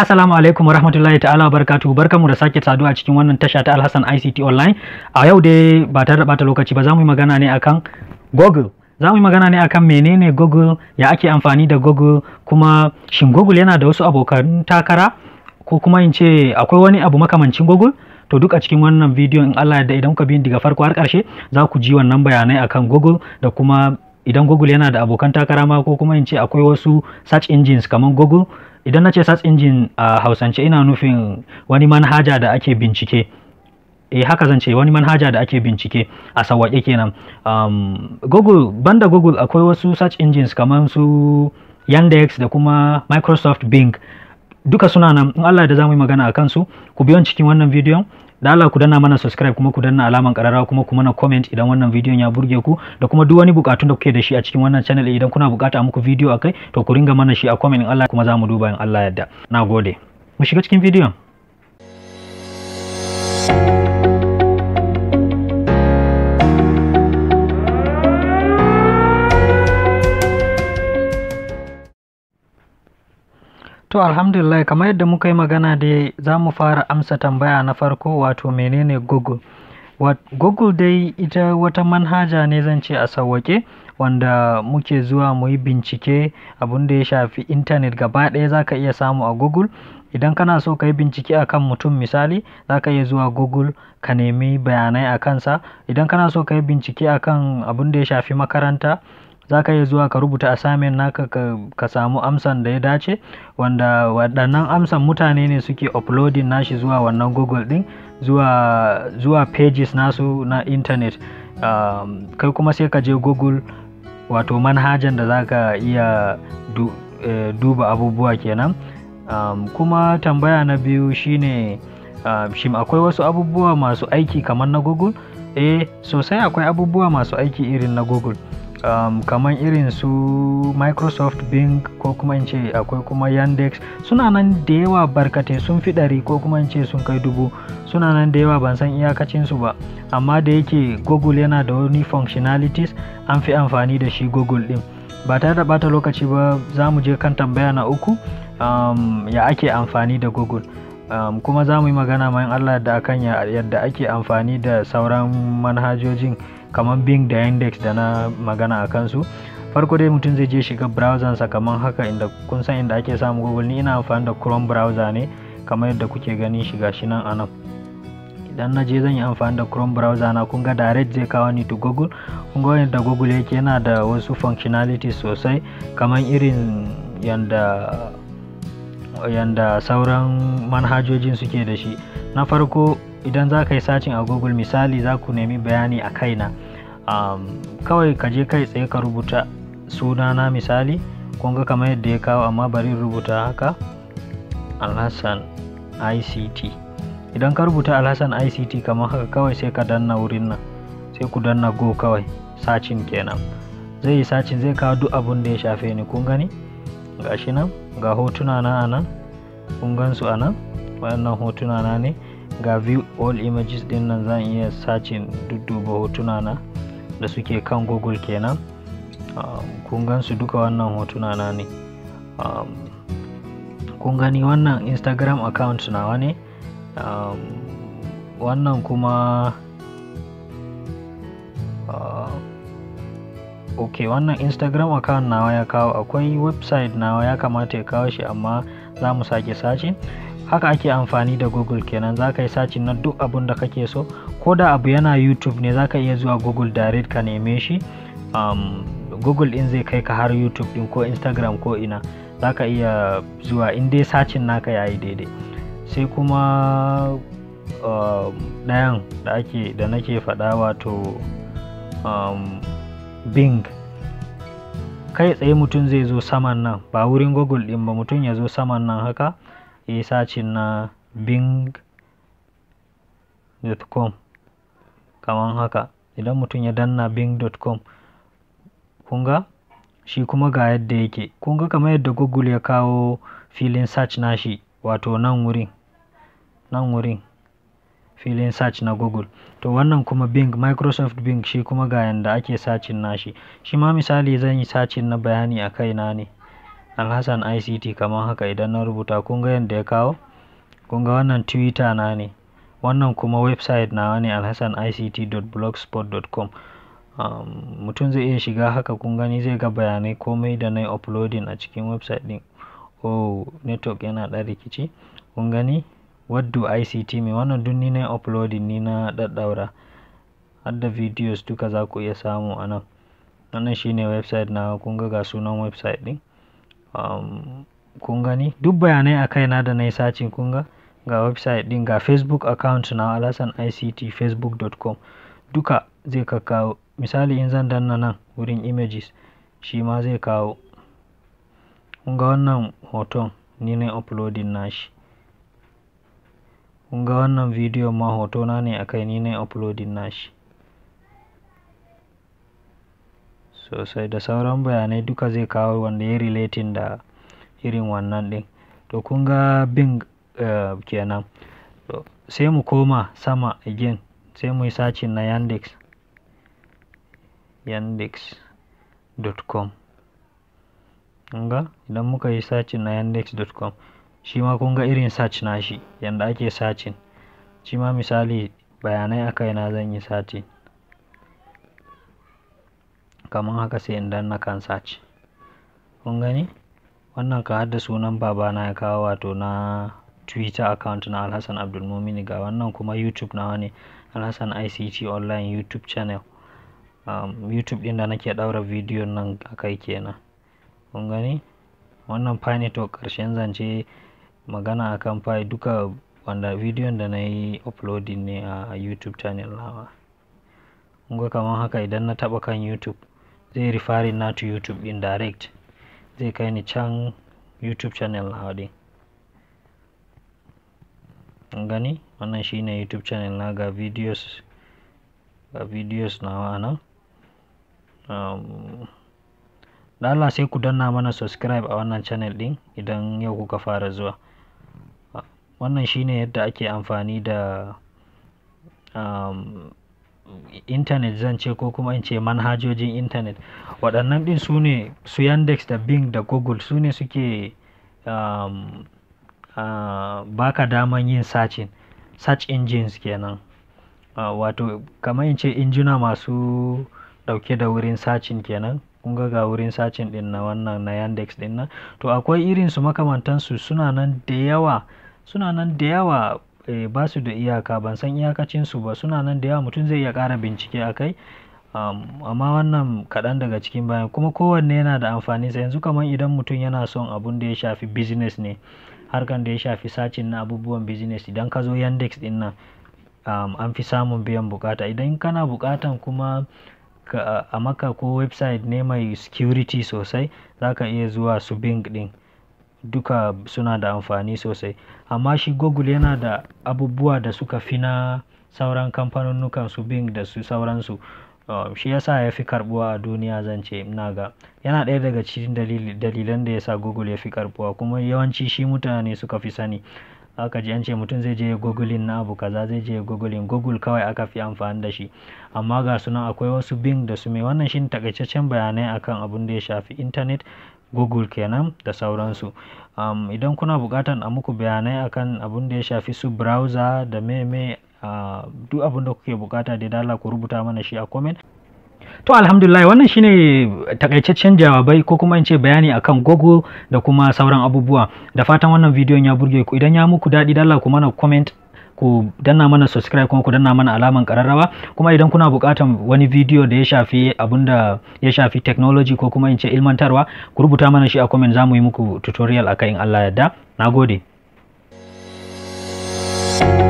Assalamu alaikum wa rahmatullahi ta'ala wa barkamu da sake saduwa a cikin wannan tasha ta Alhassan ICT online. A yau dai ba tare da bata lokaci ba za mu yi magana ne akan Google. Za yi magana ne akan menene Google, ya ake amfani da Google, kuma shin Google yana da wasu abokan takara ko kuma in ce akwai wani abu makamancin Google? to duk a cikin wannan bidiyon in Allah da idan kuka bi daga farko har karshe za ku ji wannan bayanai akan Google da kuma idan Google yana da abokan takara ma ko kuma in ce akwai wasu search engines kamar Google idan na ce search engine a hausance ina nufin wani manhaja da ake bincike eh haka zan ce wani manhaja da ake bincike a sawaƙe kenan um, google banda google akwai wasu search engines kamar su yandex da kuma microsoft bing duka suna nan in allah da za mu yi magana a kansu ku biyan cikin wannan bidiyon da Allah ku danna mana subscribe kuma ku danna alaman karara kuma ku mana comment idan wannan video ya burge ku da kuma duk wani bukatun da kuke da shi a cikin wannan channel idan kuna bukata a muku video akai to ku ringa mana shi a comment in Allah kuma za mu duba in Allah yadda nagode mu shiga cikin bidiyon To alhamdulillah kamar yadda muka yi magana da za mu fara amsa tambaya na farko wato menene Google. Google dai ita wata manhaja ne zan ce a sauwake wanda muke zuwa mu yi bincike abinda ya shafi intanet gaba ɗaya za ka iya samu a Google. Idan kana so ka yi bincike a kan mutum misali za ka iya zuwa Google ka nemi bayanai a kansa. Idan kana so ka yi bincike a kan abinda ya shafi makaranta za ka iya zuwa ka rubuta assignment naka ka, samu amsan da ya dace wanda waɗannan amsan mutane ne suke uploading nashi zuwa wannan Google ɗin zuwa, zuwa pages nasu na intanet um, kai kuma sai ka je Google wato manhajan da za ka iya eh, duba abubuwa kenan um, kuma tambaya na biyu shine um, akwai wasu abubuwa masu aiki kamar na Google? eh sosai akwai abubuwa masu aiki irin na Google um, kamar irin su microsoft bing ko kuma in ce akwai kuma yandex suna nan da yawa barkatai sun fi ɗari ko kuma in ce sun kai dubu suna nan da yawa ban san iyakacinsu ba amma da yake google yana da wani functionalities an fi amfani da shi google din ba tare da bata lokaci ba za mu je kan tambaya na uku um, ya ake amfani da google um, kuma za mu yi magana mayan allah da akan yadda ake amfani da sauran manhajojin kamar bing da index da na magana a kansu farko dai mutum zai je shiga browser sa kamar haka inda kun san inda ake samu google ni ina amfani da chrome browser ne kamar yadda kuke gani shiga shi nan anan idan na je zan yi amfani da chrome browser na kun ga direct zai kawo ni to google kun ga yadda google yake yana da wasu functionalities sosai kamar irin yanda yanda sauran manhajojin suke da shi na farko idan za ka yi sacin a google misali za ku nemi bayani a kaina um, kawai ka je kai tsaye ka rubuta sunana misali kunga ga kamar yadda ya kawo amma bari rubuta haka alhassan ict idan ka rubuta alhassan ict kamar haka kawai sai ka danna wurin nan sai ku danna go kawai sacin kenan zai yi sacin zai kawo duk abin da ya shafe ni kun gani gashi nan ga hotuna na anan kun gansu nan waɗannan hotuna na ne ga view all images din nan zan iya sacin dudduba hotuna na da suke kan google kenan um, kun gan su duka wannan hotuna na ne um, kun gani wannan instagram account nawa ne um, wannan kuma uh, ok wannan instagram account nawa ya kawo akwai website nawa ya kamata ya kawo shi amma za mu sake sace haka ake amfani da google kenan za ka yi sacin na duk abun da kake so ko da abu yana youtube ne za ka iya zuwa google direct ka neme shi um, google in zai kai ka har youtube din ko instagram ko ina za ka iya zuwa in dai sacin naka yayi daidai sai kuma um, ɗayan da ake da nake faɗa wato um, bing kai tsaye mutum zai zo saman nan ba wurin google din ba mutum ya zo saman nan haka yi sacin na bing.com kaman haka idan mutum ya danna bing.com kunga shi kuma ga yadda yake kunga kamar yadda google ya kawo filin search nashi wato nan wurin nan wurin filin search na google to wannan kuma bing microsoft bing shi kuma ga yanda ake sacin nashi shi ma misali zan yi sacin na bayani a kai na ne Alhassan ICT kamar haka idan na rubuta kun ga yadda ya kawo kun ga wannan twitter na ne wannan kuma website nawa ne alhassanict.blogspot.com um, mutum zai iya shiga haka kun gani zai ga bayanai komai da na uploading a cikin website din oh network yana ɗan rikici kun gani what do ICT me wannan duk ni na uploading ni na daddaura har da videos duka za ku iya samu a nan wannan shine website na kun ga ga sunan website din kun gani duk bayanai a kaina da na yi sacin kun ga website din ga facebook account na alasan ict facebook.com duka zai kawo misali in zan danna nan wurin images shi ma zai kawo kun ga wannan hoton ni ne uploading nashi kun ga wannan video ma hotona ne akai ni ne uploading nashi sosai da sauran bayanai duka zai kawo wanda ya relatin da irin wannan ɗin. To kun ga Bing eh, kenan. Sai mu koma sama again sai muyi sacin na Yandex, Yandex.com. ga idan muka yi searching na Yandex.com shi ma kun ga irin search nashi yadda ake sacin Shi ma misali bayanai a na zan yi sacin. kamar haka sai in danna kan search kun gani wannan ka da sunan babana ya kawo wato na twitter account na alhassan abdulmumini ga wannan kuma youtube nawa ne alhassan ict online youtube channel um, youtube din da nake ɗaura video nan akai kenan kun gani wannan fine to karshen zance magana akan fai duka wanda video da na yi uploading ne a youtube channel nawa kun ga kamar haka idan na taɓa kan youtube zai referring na to youtube din direct zai kai ni can youtube channel na din gani wannan shine youtube channel na ga videos ga videos nawa wana um, da Allah sai ku danna mana subscribe a wannan channel din idan yau kuka fara zuwa wannan shine yadda ake amfani da um, intanet zan ce ko kuma in ce manhajojin intanet waɗannan ɗin su ne su yandex da bing da google su ne suke um, uh, baka daman yin sacin search engines kenan uh, wato kamar in ce injina masu ɗauke da wurin sacin kenan kun ga wurin sacin ɗin na wannan na yandex ɗin nan to akwai irin su makamantansu suna nan da yawa suna nan da yawa Eh, ba su da iyaka ban san iyakacinsu ba suna nan da yawa mutum zai iya ƙara bincike a kai amma wannan kaɗan daga cikin bayan kuma kowanne yana da amfaninsa yanzu kamar idan mutum yana son abun da ya shafi business ne harkan da ya shafi sacin na abubuwan business idan ka zo yandex din nan an fi samun biyan bukata idan kana bukatan kuma a maka ko website ne mai security sosai za ka iya zuwa su bing ɗin duka suna da amfani sosai. Amma shi Google yana da abubuwa da suka fi na sauran kamfanunnukan su Bing da su sauransu. Uh, shi ya ya fi karbuwa a duniya zan ce ina ga. Yana ɗaya daga cikin dalilan da yasa sa Google ya fi karbuwa kuma yawanci shi mutane suka fi sani. aka ji an ce mutum zai je ya na abu kaza zai je ya Google kawai aka fi amfani da shi. Amma ga su nan akwai wasu Bing da su me wannan shine takaitaccen bayanai akan abun da ya shafi intanet. Google kenan da sauransu. Um, idan kuna bukatan a muku bayanai akan abun da ya shafi su browser da meme, uh, duk abun da kuke bukata da dala ku rubuta mana shi a comment. To alhamdulillah wannan shine takaitaccen jawabai ko kuma in ce bayani akan Google da kuma sauran abubuwa. Da fatan wannan bidiyon ya burge ku idan ya muku daɗi dala ku mana comment ku danna mana subscribe kuma ku danna mana alaman kararrawa kuma idan kuna bukatan wani bidiyo da ya shafi abun da ya shafi technology ko kuma in ce ilmantarwa ku rubuta mana shi a comment za mu yi muku tutorial akai in Allah yarda nagode thank you